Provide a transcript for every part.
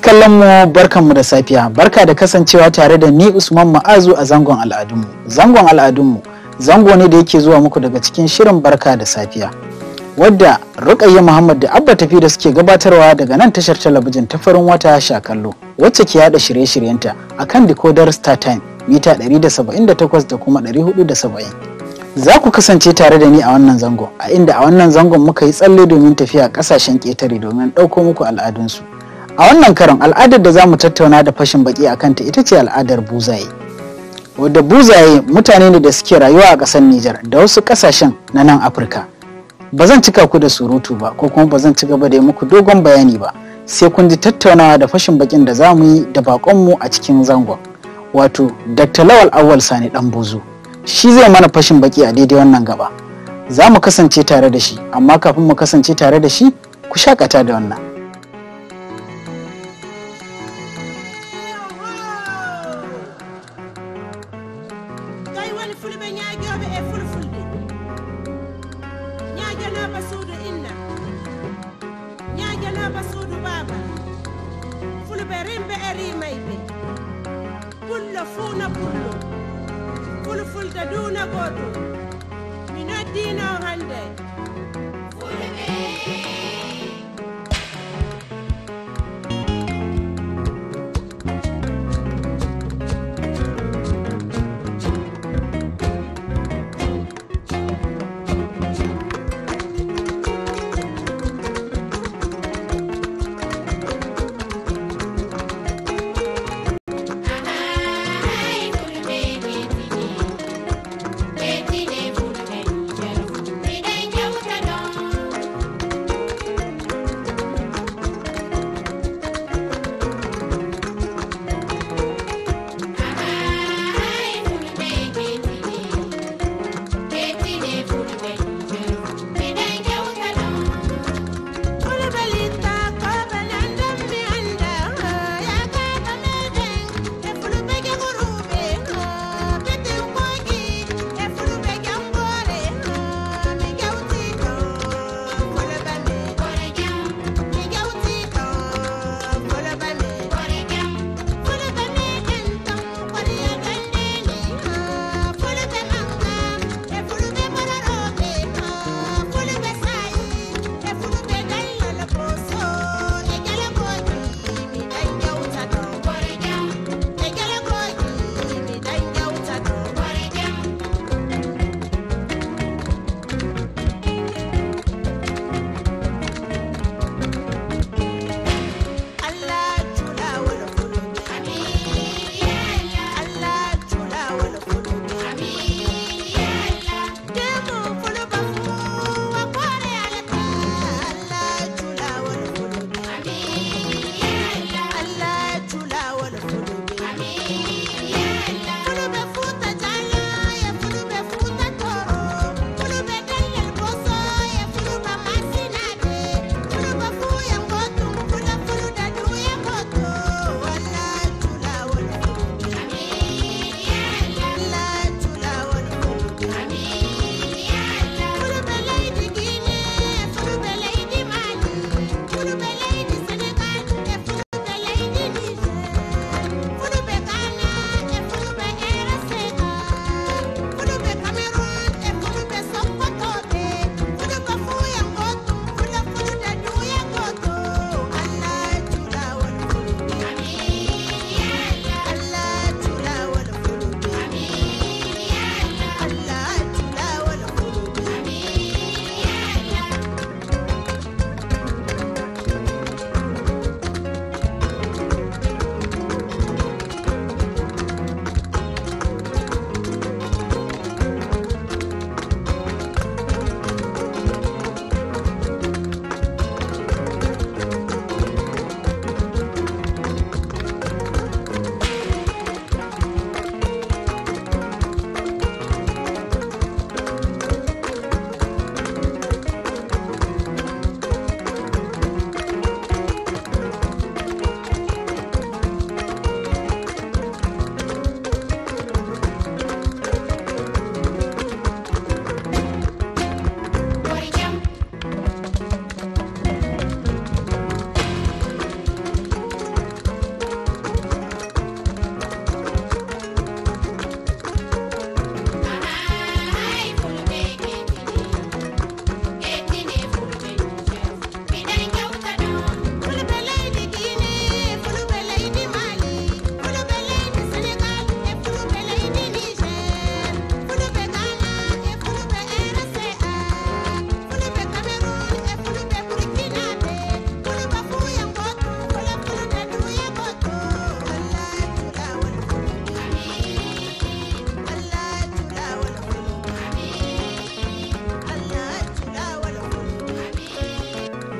kallon mu barkanmu da safiya barka da kasancewa tare da ni usman ma'azu a zangon al'adunmu zangon al'adunmu zango ne da yake zuwa muku daga cikin shirin barka da safiya wadda rukayya muhammad da abba tafi da suke gabatarwa daga nan tashar talabijin ta farin wata shakallo wacce ke yada shirye-shiryenta a kan decoder star time mita 178 da kuma 470 za ku kasance tare da ni a wannan zango a inda a wannan zangon muka yi tsalle domin tafiya kasashen ƙetare domin ɗauko muku al'adunsu a wannan karon al'adar da za mu tattauna da fashin baki a kanta ita ce al'adar buzaye wadda buzaye mutane ne da suke rayuwa a ƙasar nijar da wasu ƙasashen na nan afirka ba zan cika ku da surutu ba ko kuma ba zan ci gaba da yi muku dogon bayani ba sai kun ji tattaunawa da fashin bakin da za mu yi da baƙonmu a cikin zangon wato dr lawal awal sani dan buzu shi zai mana fashin baki a daidai wannan gaba za mu kasance tare da shi amma kafin mu kasance tare da shi ku shakata da wannan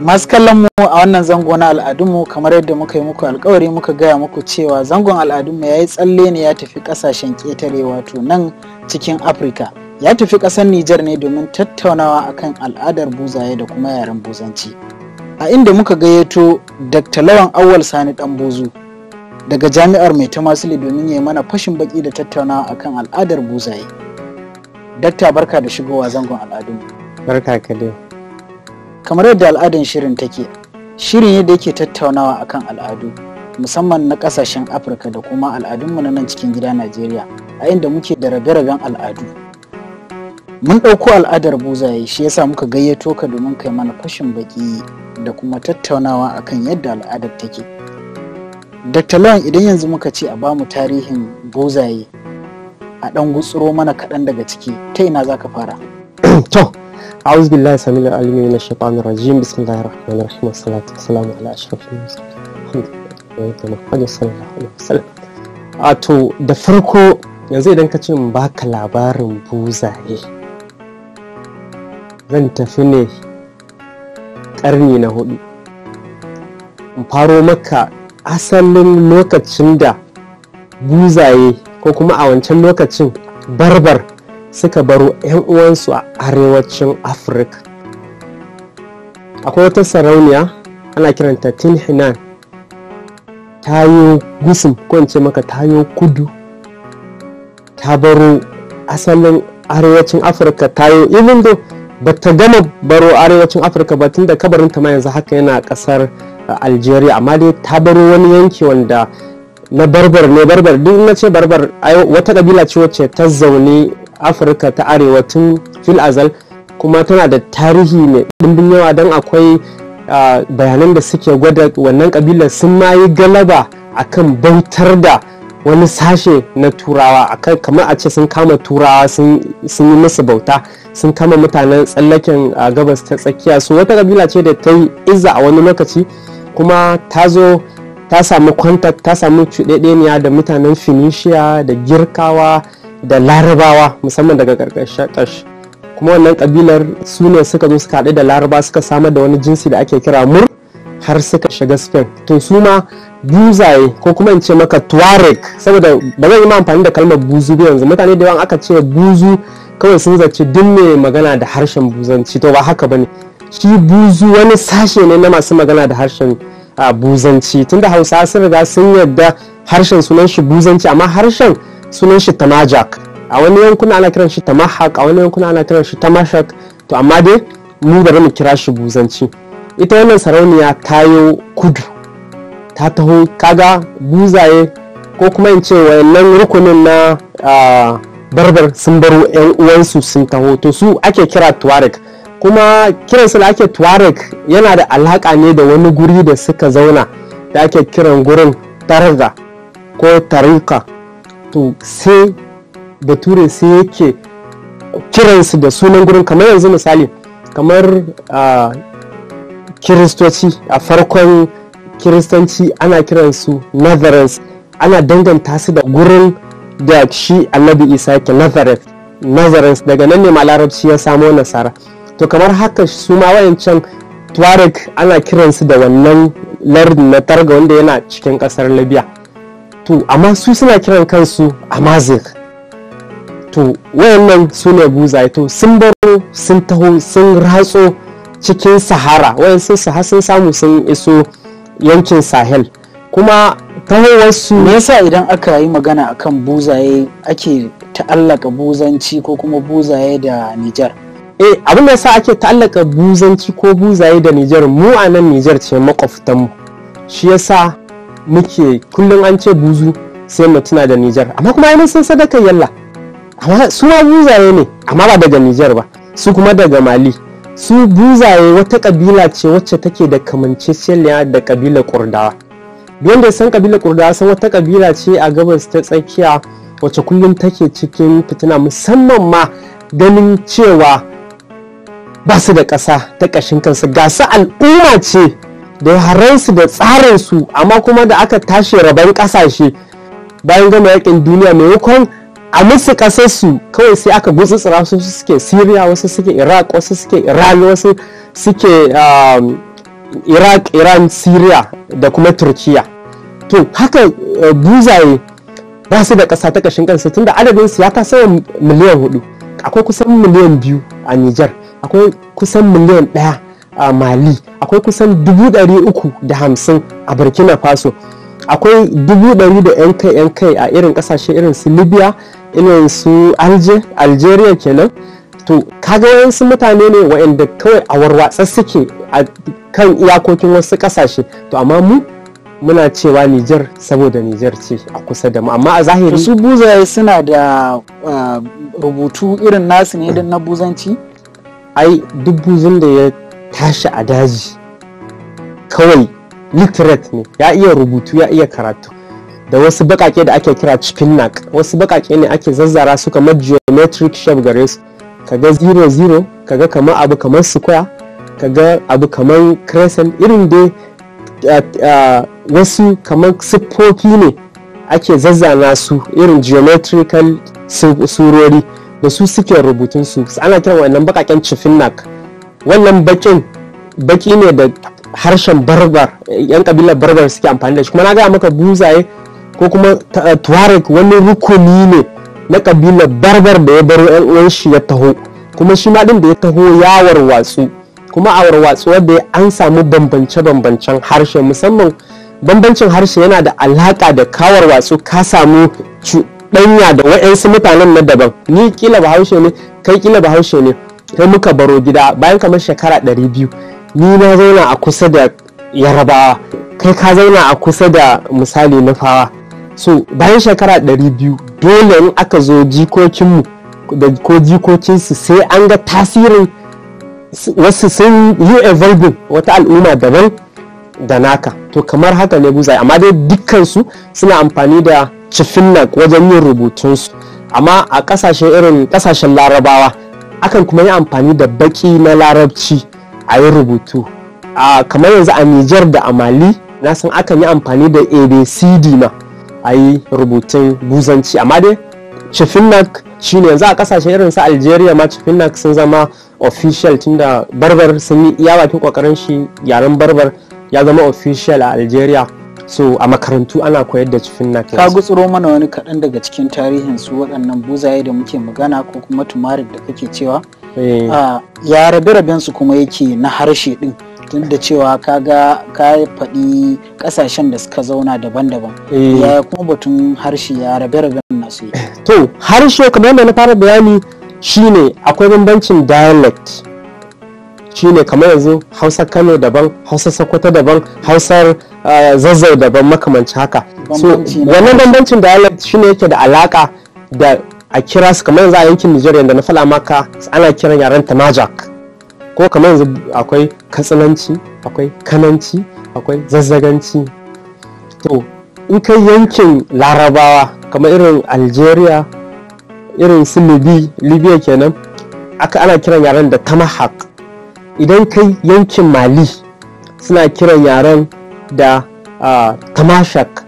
masu kallon mu a wannan zango na al'adunmu kamar yadda muka yi muku alkawari muka gaya muku cewa zangon al'adunmu ya yi tsalle ne ya tafi kasashen ƙetare wato nan cikin afirka ya tafi ƙasar nijar ne domin tattaunawa akan al'adar buzaye da kuma yaren buzanci a inda muka gayyato dr lawan awal sani dan buzu daga jami'ar mai ta masili domin ya yi mana fashin baki da tattaunawa akan al'adar buzaye dakta barka da shigowa zangon al'adunmu barka ka dai kamar yadda al'adun shirin take shirin ne da yake tattaunawa akan al'adu musamman na kasashen afirka da kuma al'adunmu na nan cikin gida najeriya a inda muke da rabe ragen al'adu mun ɗauko al'adar buzaye shi yasa muka gayyato ka domin kai mana fashin baki da kuma tattaunawa akan yadda al'adar take dr lawan idan yanzu muka ce a bamu tarihin buzaye a ɗan gutsuro mana kaɗan daga ciki ta ina za ka fara to أعوذ بالله to da farko yanzu idan ka ce in baka labarin buzaye zan tafi ne karni na hudu in faro maka asalin lokacin da buzaye ko kuma a wancan lokacin barbar suka baro 'yan uwansu a arewacin afirka akwai wata sarauniya ana kiranta tin hinan tayo gusum ko ce maka tayo kudu ta baro asalin arewacin afirka tayo even though ba ta gama baro arewacin afirka ba tunda kabarinta ma yanzu haka yana kasar algeria amma dai ta baro wani yanki wanda na barbar ne barbar duk na ce barbar wata kabila ce wacce ta zaune afirka ta arewa tun fil azal kuma tana da tarihi mai ɗimbin yawa don akwai bayanan da suke gwada wannan kabilar sun ma yi galaba akan bautar da wani sashe na turawa kamar a ce sun kama turawa sun yi musu bauta sun kama mutanen tsallaken gabas ta tsakiya su wata kabila ce da ta yi iza a wani lokaci kuma ta zo ta samu kwantak ta samu cuɗaɗeniya da mutanen Finishiya da girkawa da larabawa musamman daga ƙarƙash kuma wannan ƙabilar su suka zo suka haɗu da laraba suka samar da wani jinsi da ake kira mur har suka shiga spain to su ma buzaye ko kuma in ce maka tuareg saboda ba zan yi ma amfani da kalmar buzu ba yanzu mutane da yawan aka ce buzu kawai sun zaci duk mai magana da harshen buzanci to ba haka bane shi buzu wani sashe ne na masu magana da harshen buzanci tunda hausa sun riga sun yarda harshen sunan shi buzanci amma harshen sunan shi tamajak a wani yankuna ana kiran shi tamahak a wani yankuna ana kiran shi tamashak to amma dai mu bari mu kira shi buzanci ita wannan sarauniya ta yi kudu ta taho kaga buzaye ko kuma in ce wayannan rukunin na barbar sun baro yan uwansu sun taho to su ake kira tuareg kuma kiransu da ake tuareg yana da alaka ne da wani guri da suka zauna da ake kiran gurin targa ko tarika to sai da ture sai yake kiransu da sunan gurin kamar yanzu misali kamar kiristoci a farkon kiristanci ana kiransu nazarens ana danganta su da gurin da shi annabi isa ke nazarens daga nan ne ma ya samo nasara to kamar haka su ma wayancan tuareg ana kiransu da wannan lardi na targa wanda yana cikin kasar libya to amma su suna kiran kansu amazigh to wayannan su ne buzaye to sun baro sun taho sun ratso cikin sahara wayansu saha sun samu sun iso yankin sahel kuma tahowarsu me yasa idan aka yi magana akan buzaye ake ta'allaka buzanci ko kuma buzaye da nijar eh abin da sa ake ta'allaka buzanci ko buzaye da nijar mu a nan nijar ce makwabtanmu shi yasa muke kullum an ce buzu sai mu tuna da nijar amma kuma mun san sadakar yalla su ma buzaye ne amma ba daga Nijar ba su kuma daga Mali su buzaye wata kabila ce wacce take da kamanceceniya da kabilar Kurdawa da san kabilar Kurdawa san wata kabila ce a gabas ta tsakiya wacce kullum take cikin fitina musamman ma ganin cewa ba su da ƙasa ta ƙashin kansu ga su al'umma ce da haransu da tsarinsu amma kuma da aka tashi rabon ƙasashe bayan gama yakin duniya maimakon a musu kasarsu kawai sai aka tsira su suke syria wasu suke iraq wasu suke iran wasu suke um, iraq iran syria da kuma turkiya to haka uh, buzaye ba su da ƙasa ta ƙashin kansu tunda adadin su ya sama miliyan hudu akwai kusan miliyan biyu a niger akwai kusan miliyan ɗaya a mali akwai kusan dubu ɗari uku da hamsin a burkina faso akwai dubu ɗari da 'yan kai 'yan kai a irin kasashe irin su libya irin su algeria kenan to kaga wasu mutane ne waɗanda kawai a warwatsa suke a kan iyakokin wasu ƙasashe to amma mu muna cewa Nijar saboda Nijar ce a kusa da mu amma a zahiri su buzaye suna da rubutu irin nasu ne na buzanci ai duk buzun da ya tashi a daji kawai literate ne ya iya rubutu ya iya karatu da wasu bakake da ake kira cikin nak wasu bakake ne ake zazzara su kamar geometric shape gare su kaga 00 kaga kamar abu kamar square kaga abu kamar crescent irin dai wasu kamar siffofi ne ake zazzana su irin geometrical surori da su suke rubutun su ana kiran wannan bakaken cifinnak wannan bakin baki ne da harshen barbar yan kabilar barbar suke amfani da shi kuma na gaya maka buzaye ko kuma eh, tuareg wani rukuni ne na kabilar barbar da ya baro yan uwan shi ya taho kuma shi ma din da ya taho ya warwatsu kuma a warwatsu wanda an samu bambance-bambancen harshe musamman bambancin harshe yana da alaka da kawar wasu ka samu cuɗanya da wa'yansu mutanen na daban ni kila bahaushe ne kai kila bahaushe ne kai muka baro gida bayan kamar shekara ɗari biyu ni na zauna a kusa da yarabawa kai ka zauna a kusa da misali na fawa so bayan shekara 200 dole in aka zo jikokinmu da ko jikokinsu sai an ga tasirin wasu sun yi evolving wata al'umma daban da naka to kamar haka ne buzai, amma dai dukkansu suna amfani da cifinnak wajen yin rubutunsu amma a kasashen irin kasashen larabawa akan kuma yi amfani da baki na larabci a yi rubutu kamar yanzu a nijar da a mali na san akan yi amfani da abcd ma a yi rubutun buzanci amma dai Chafinnak shine ne yanzu a kasashe irin su Algeria ma Chafinnak sun zama official tunda Barbar sun yi iya bakin kokarin shi yaren Barbar ya zama official a Algeria so a makarantu ana koyar da Chafinnak ka gutsuro mana wani kaɗan daga cikin tarihin su waɗannan buzaye da muke magana ko kuma tumarin da kake cewa eh. ah, ya rabe raben kuma yake na harshe din tun da cewa kaga ka faɗi ƙasashen da suka zauna daban-daban eh. ya kuma batun harshe ya rabe-raben nasu eh, to harshe kamar yadda na fara bayani shine akwai bambancin dialect shine kamar yanzu hausa kano daban hausa sokoto daban hausar ah, zazzau daban makamanci haka so wannan bambancin dialect shine yake da alaka da a kira su kamar yanzu a yankin nigeria da na faɗa maka ana kiran yaren tamajak ko kamar yanzu akwai katsinanci akwai kananci akwai zazzaganci to in kai yankin larabawa kamar irin algeria irin su libya kenan aka ana kiran yaren da tamahak idan kai yankin mali suna kiran yaren da tamashak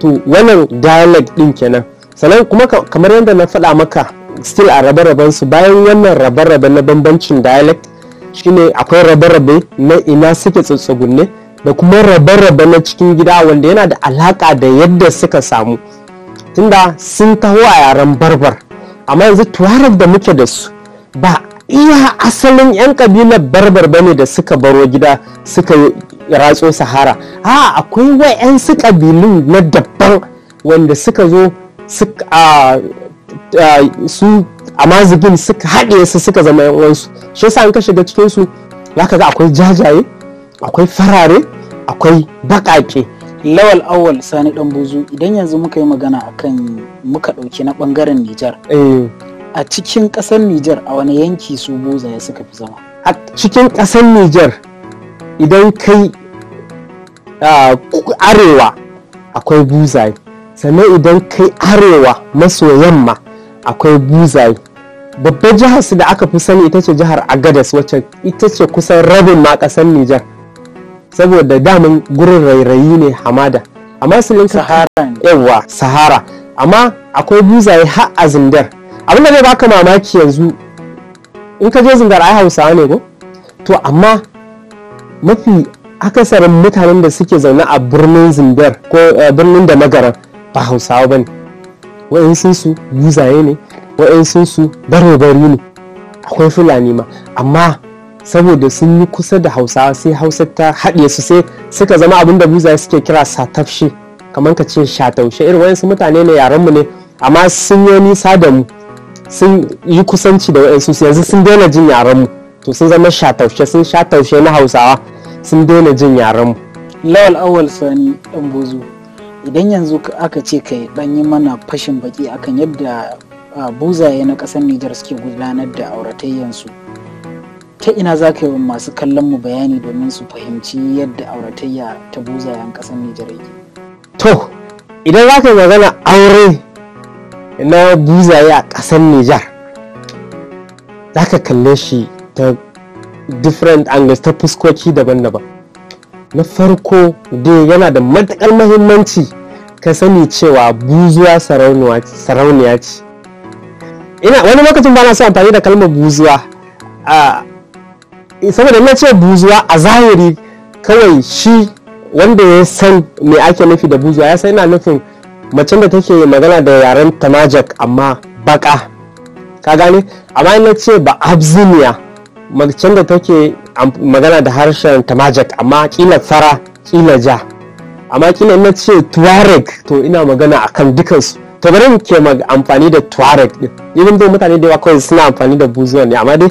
to wannan dialect din kenan sannan kuma kamar yadda na faɗa maka still a rabe rabensu bayan wannan rabe-rabe na bambancin dialect shine akwai rabe-rabe na ina suke tsatsagunne da kuma rabe-rabe na cikin gida wanda yana da alaka da yadda suka samu tunda sun taho a yaren barbar amma yanzu tuwarar da muke da su ba iya asalin 'yan kabilar barbar bane da suka baro gida suka ratso sahara a akwai wa'yansu kabilun na dabban wanda suka zo su amma zubin suka haɗe su suka zama yan uwansu shi yasa in ka shiga cikin su zaka ga akwai jajaye akwai farare akwai baƙaƙe lawal awwal sani dan buzu idan yanzu muka yi magana akan muka ɗauki na ɓangaren Nijar eh. a cikin ƙasar Nijar a wani yanki su buzaye suka fi zama a cikin ƙasar Nijar idan kai arewa akwai buzaye sannan idan kai arewa maso yamma akwai buzaye babbar jihar su da aka fi sani ita ce jihar agadas wacce ita ce kusan rabin ma kasar nijar saboda daman gurin rairayi ne hamada amma su linka sahara yawa sahara amma akwai buzaye har a zindar abin da zai baka mamaki yanzu in ka je zindar ai hausawa ne ko to amma mafi akasarin mutanen da suke zaune a birnin zindar ko eh, birnin da magaran ba hausawa ba ne wa'yansu su buzaye ne wa'yansunsu bari ne akwai fulani ma amma saboda sun yi kusa da hausawa sai hausa ta haɗe su sai suka zama abin da buzaye suke kira satafshi kamar ka ce shataushe irin Waɗansu mutane ne yarenmu ne amma sun yi nisa da mu sun yi kusanci da su yanzu sun daina jin yarenmu to sun zama shataushe sun shataushe na hausawa sun daina jin yarenmu lawal awal sani dan bozo idan yanzu aka ce kai dan yi mana fashin baki akan yadda buzaye na ƙasar Nijar suke gudanar da auratayyansu. Ta ina za ka yi masu kallon mu bayani domin su fahimci yadda auratayya ta buzayen ƙasar Nijar yake. To, idan za ka magana aure na buzaye a ƙasar Nijar, za ka kalle shi ta different angles ta fuskoki daban-daban. Na farko dai yana da matuƙar mahimmanci ka sani cewa buzuwa sarauniya ce ina wani lokacin ba na so amfani da kalmar buzuwa a saboda na ce buzuwa a zahiri kawai shi wanda ya san me ake nufi da buzuwa ya san ina nufin macen da take magana da yaren tamajak amma baka ka gane amma na ce ba abziniya macen da take magana da harshen tamajak amma kila tsara kila ja amma kila na ce tuareg to ina magana akan dukansu to bari mu ke amfani da tuareg din idan dai mutane da yawa kawai suna amfani da buzuwan ne amma dai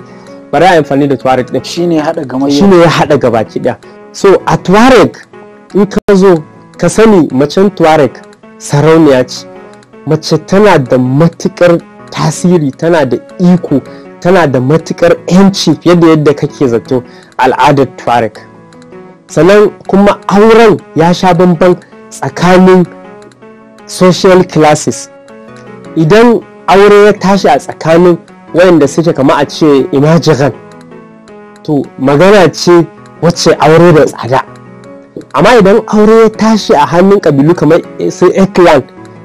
bari a amfani da tuareg din shine ya hada Shi shine ya hada gabaki daya so a tuareg in ka zo ka sani macen tuareg sarauniya ce mace tana da matukar tasiri tana da iko tana da matukar yanci fiye da yadda kake zato al'adar tuareg sannan kuma auren ya sha bambam tsakanin social classes idan aure ya tashi a tsakanin wayanda suke kama a ce imajiran to magana ce wacce aure da tsada amma idan aure ya tashi a hannun kabilu kamar su eklan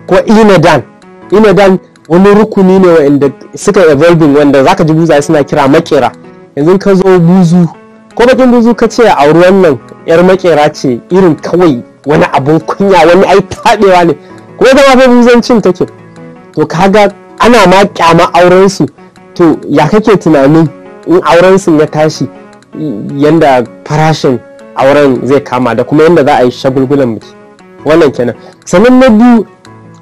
ko inadan inadan wani rukuni ne wanda suka evolving wanda zaka ji buzaye suna kira makera yanzu ka zo buzu ko bakin buzu ka ce a wannan yar makera ce irin kawai wani abun kunya wani ai fadewa ne ko da mafi buzancin take to kaga ana ma kyama auren su to ya kake tunanin in auren su ya tashi yanda farashin auren zai kama da kuma yanda za a yi shagulgulan miki, wannan kenan sannan na biyu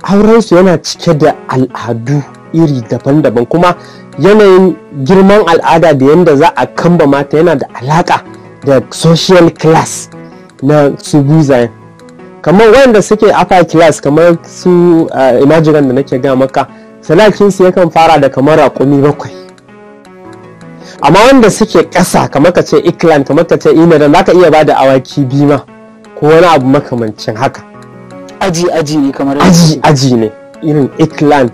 auren su yana cike da al'adu iri daban-daban kuma yanayin girman al'ada da yanda za a kamba mata yana da alaka da social class na su buzayen kamar wanda suke upper class kamar su uh, imajiran da nake ga maka salakinsu yakan fara da kamar rakumi bakwai amma wanda suke ƙasa kamar ka ce iklan kamar ka ce imadan za ka iya ba da awaki bima ko wani abu makamancin haka aji aji ne kamar aji aji ne irin iklan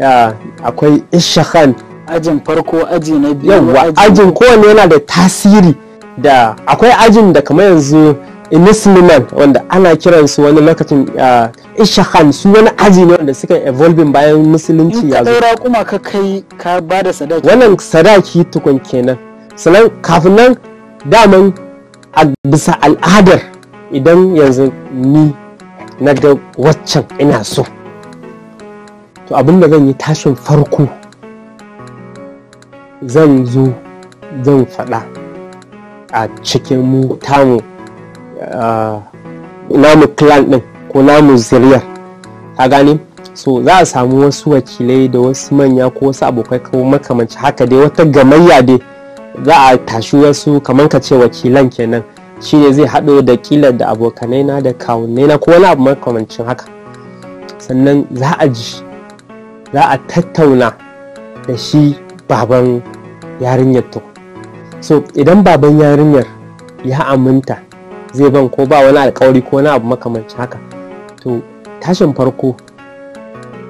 uh, akwai ishakan ajin farko aji na biyu yawa ajin kowane yana da tasiri da akwai ajin da kamar yanzu inisminan wanda ana kiransu wani lokacin ah, ishahan su wani aji ne wanda suka evolving bayan musulunci ya zo kuma ka kai ka ba sadaki wannan sadaki tukun kenan sannan kafin nan daman a bisa al'adar idan yanzu ni na ga waccan ina so to abin da zan yi tashin farko zan zo zan faɗa a cikin mu Ah, namu clan din ko namu zuriyar a gane so za a samu wasu wakilai da wasu manya ko wasu abokai ko makamanci haka dai wata gamayya dai za a tashi wasu kamar ka ce wakilan kenan shi ne zai haɗo da kila da abokanai na da kawunai na ko wani abu makamancin haka sannan za a ji za a tattauna da shi baban yarinyar to so idan baban yarinyar ya aminta zai ban ko ba wani alkawari ko wani abu makamanci haka to tashin farko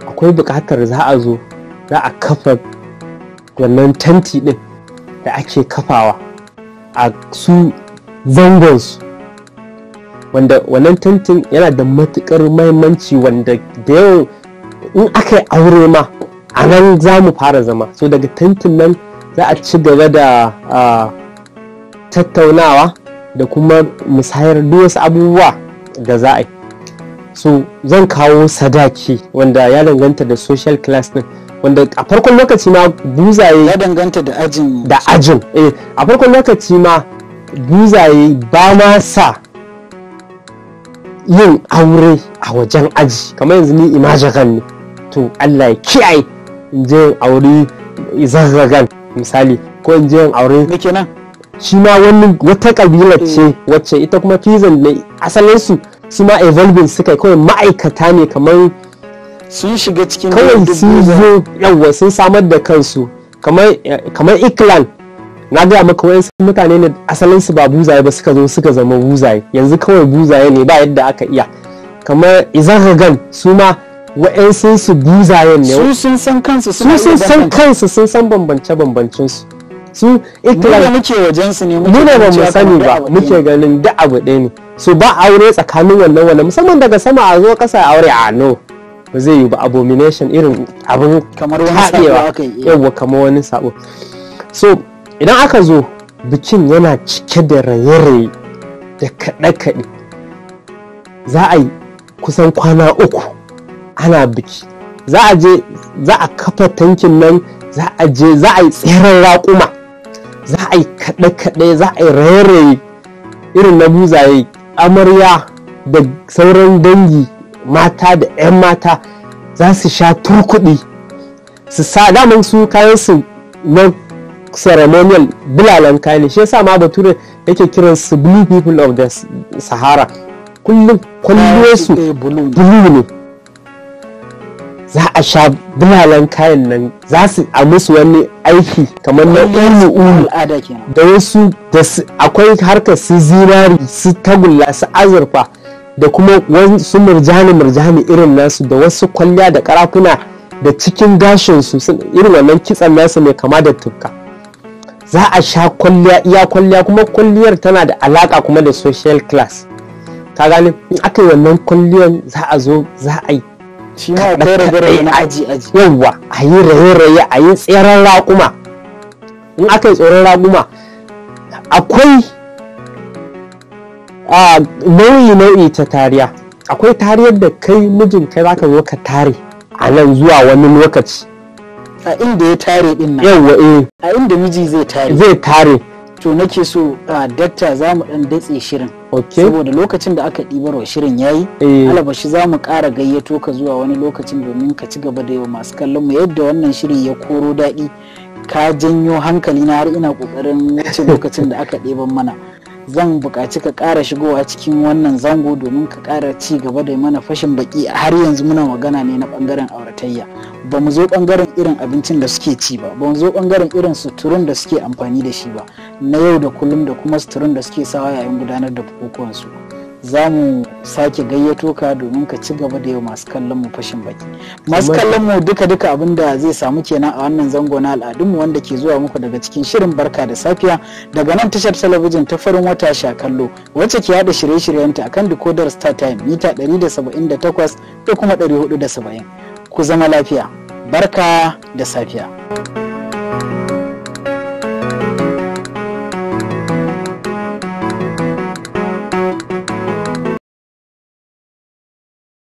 akwai buƙatar za a zo za a kafa wannan tanti ɗin da ake kafawa a su zangonsu wanda wannan tantin yana da matuƙar mahimmanci wanda da yau in aka yi aure ma a nan za mu fara zama so daga tantin nan za a ci gaba da ah, tattaunawa da kuma musayar duk wasu abubuwa da za a yi so zan kawo sadaki wanda ya danganta da social class din wanda a farkon lokaci ma buzaye ya danganta da ajin da ajin eh a farkon lokaci ma buzaye ba ma sa yin aure a wajen aji kamar yanzu ni imajagan ne to Allah ya kiyaye in je aure zagagan misali ko in je aure shi ma wani wata kabila mm. ce wacce ita kuma pizan ne asalinsu su ma evolving suka kawai ma'aikata ne kamar sun shiga cikin kawai sun zo yawa sun samar da kansu kamar iklan na gaya maka wayan mutane ne asalin su ba buzaye ba suka zo suka zama buzaye yanzu kawai buzaye ne ba yadda aka iya kamar izan hagan su ma wayan sun su buzayen ne su sun san kansu sun san kansu sun san bambance bambancen su ikila muke wajen su ne muke ba mu sani ba muke ganin duk abu ɗaya ne Su ba aure tsakanin wannan wannan musamman daga sama a zo kasa aure a ah, no ba zai yi ba abomination irin abin kamar wani sabo yawa eh. kamar wani sabo so idan aka zo bikin yana cike da raye-raye da kaɗe-kaɗe za a yi kusan kwana uku ana biki za a je za a kafa tankin nan za a je za a yi tseren raƙuma za a yi kaɗe-kaɗe za a yi raye-raye irin na buzaye amarya da sauran dangi mata da 'yan mata za su sha turkuɗi su sa daman su kayan su na ceremonial bulalan kayan shi yasa ma bature yake kiran su blue people of the sahara kullum kwallo su eh, blue ne za a sha bulalan kayan nan za su a musu wani aiki kamar na ulu ulu da wasu da su akwai harkar su zinari su tagulla su azurfa da kuma wasu murjani murjani irin nasu da wasu kwalliya da karafuna da cikin gashinsu, su irin wannan kitsan nasu mai kama da tufka za a sha kwalliya iya kwalliya kuma kwalliyar tana da alaka kuma da social class ka gani in aka yi wannan kwalliyar za a zo za a yi shi ma akwai rabe-rabe na aji aji yawwa a yi raye-raye a yi tseren raƙuma in aka yi tseren raƙuma akwai nau'i-nau'i ta tariya akwai tariyar da kai mijin kai zaka zo ka tare a nan zuwa wani lokaci a inda ya tare din nan yawwa eh a inda miji zai tare zai tare to nake so a dakta za mu dan datse shirin saboda lokacin da aka wa shirin ya yayi eh. alabashi za mu ƙara gayyato ka zuwa wani lokacin domin ka ci gaba da yawa masu kallon mu yadda wannan shirin ya koro daɗi ka janyo hankali na har ina ƙoƙarin wuce lokacin da aka ɗeban mana zan buƙaci ka ƙara shigowa cikin wannan zango domin ka ƙara ci gaba da mana fashin baki har yanzu muna magana ne na ɓangaren auratayya ba mu zo bangaren irin abincin da suke ci ba ba mu zo bangaren irin suturun da suke amfani da shi ba na yau da kullum da kuma suturun da suke sawa yayin gudanar da bukukuwansu za mu sake gayyato ka domin ka ci gaba da yau masu kallon mu fashin baki masu kallon mu duka duka abin da zai samu kenan a wannan zango na al'adun mu wanda ke zuwa muku daga cikin shirin barka da safiya daga nan tashar talabijin ta farin wata sha kallo wacce ke yada shirye-shiryenta akan decoder star time mita 178 da kuma 470 ku zama lafiya barka da safiya.